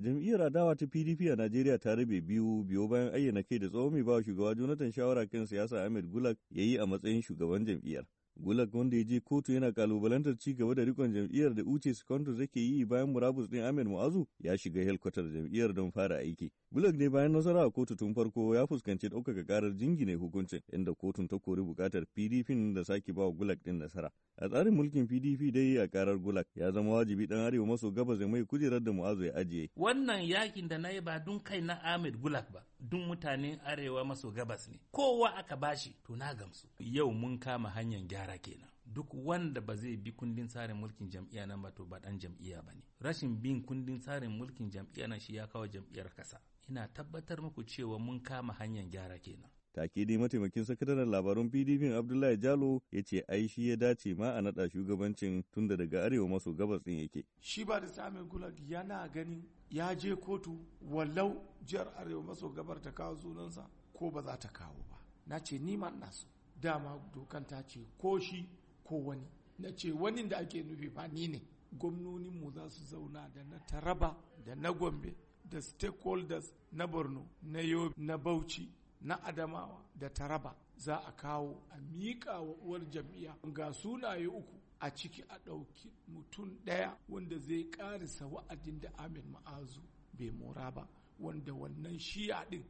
Jam'iyyar adawa ta PDP a Najeriya ta rabe biyu biyu bayan ayyana kai da tsohon mai bawa shugaba Jonathan shawara kan siyasa Ahmed Gulag ya yi a matsayin shugaban jam'iyyar. Gulag wanda ya je kotu yana kalubalantar ci gaba da rikon jam'iyyar da Uche secondary zake yi bayan murabus ɗin Ahmed Mu'azu ya shiga helkwatar jam'iyyar don fara aiki. Gulag ne bayan nasara a kotu tun farko ya fuskanci ɗaukaka karar jingine hukuncin inda kotun ta kori bukatar PDP da sake ba wa gulag din nasara. A tsarin mulkin PDP dai a karar gulag ya zama wajibi dan arewa maso gabas mai kujerar da Mu'azu ya ajiye. Wannan yakin da na yi ba dun kai na Ahmed gulag ba, dun mutanen arewa maso gabas ne. Kowa aka bashi to na gamsu. Yau mun kama hanyar gyara kenan. duk wanda ba zai bi kundin tsarin mulkin jam'iyya nan ba to ba dan jam'iyya ba ne rashin bin kundin tsarin mulkin jam'iyya nan shi ya kawo jam'iyyar kasa ina tabbatar muku cewa mun kama hanyar gyara kenan takidi mataimakin sakataren labarun pdp abdullahi jalo ya ce ai shi ya dace ma a naɗa shugabancin tunda daga arewa maso gabas ɗin yake shi ba da samun gulag yana ganin ya je kotu wallau jihar arewa maso gabar ta kawo sunansa ko ba za ta kawo ba na ce ni ma ina so dama dokan ta ce ko shi ko wani na ce wani da ake nufi fa ni ne gwamnoninmu za su zauna da na taraba da na gombe da stakeholders na borno na yobe na bauchi na adamawa da taraba za a kawo a miƙa wa uwar jam'iyya ga sunaye uku a ciki a ɗauki mutum ɗaya wanda zai ƙarisa wa'adin da amin ma'azu bai mora ba wanda wannan shiya ɗin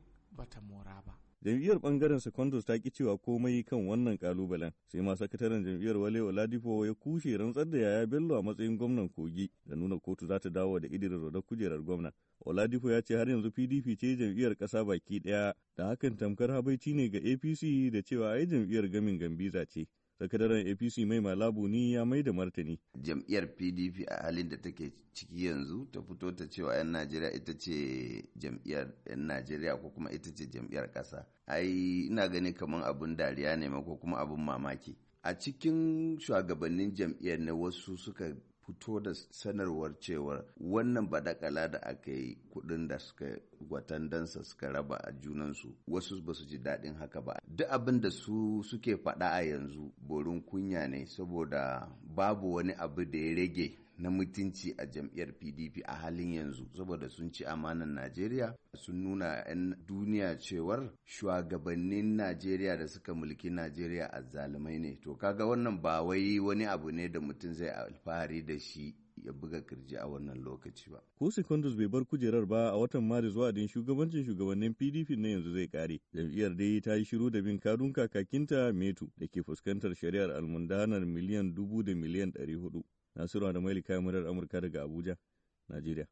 ta mora ba Jam'iyyar bangaren secondus ta ki cewa komai kan wannan kalubalen, sai ma sakataren jam'iyyar Wale Oladipo ya kushe rantsar da yaya Bello a matsayin gwamnan Kogi da nuna kotu za ta dawo da idirin rodar kujerar gwamna. Oladipo ya ce har yanzu PDP ce jam'iyyar ƙasa baki ɗaya, da hakan tamkar habaici ne ga APC da cewa ai jam'iyyar gamin gambiza ce. Sakadaren apc mai malabu ni ya mai da martani jam'iyyar pdp a halin da take ciki yanzu ta fito ta cewa 'yan najeriya ita ce jam'iyyar 'yan najeriya ko kuma ita ce jam'iyyar ƙasa ai ina gani kamar abun dariya ne ko kuma abun mamaki a cikin shugabannin jam'iyyar ne wasu suka fito da sanarwar cewar wannan badakala da aka yi kudin da suka gwatandansa suka raba a junansu wasu ba su ji daɗin haka ba duk abin da su suke faɗa a yanzu borin kunya ne saboda babu wani abu da ya rage na mutunci a jam'iyyar pdp a halin yanzu saboda sun ci amanan najeriya sun nuna 'yan duniya cewar shugabannin najeriya da suka mulki najeriya a zalumai ne to kaga wannan ba wai wani abu ne da mutum zai alfahari da shi ya buga kirji a wannan lokaci ba. Ko Secondus bai bar kujerar ba a watan Maris wa'adin shugabancin shugabannin PDP na yanzu zai kare. Jam'iyyar dai ta yi shiru da bin kadun kakakinta Metu da ke fuskantar shari'ar almundanar miliyan dubu da miliyan ɗari hudu. Nasiru adamaili Maili kayan Amurka daga Abuja, Najeriya.